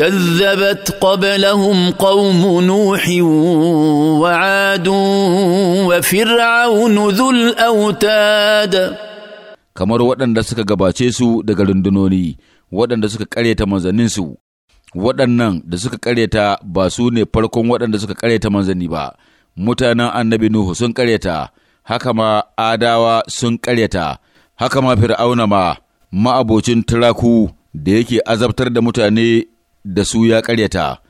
كذبت قبلهم قوم نوح وعاد وفرعون ذو الأوتاد kamar waɗanda suka gabace su daga rundunoni waɗanda suka ƙaryata manzanninsu waɗannan da suka ƙaryata ba su ne farkon waɗanda suka karyata manzani ba mutanen annabi nuhu sun ƙaryata haka ma adawa sun ƙaryata haka ma fir'auna ma ma'abocin turaku da yake azabtar da mutane da su ya karyata.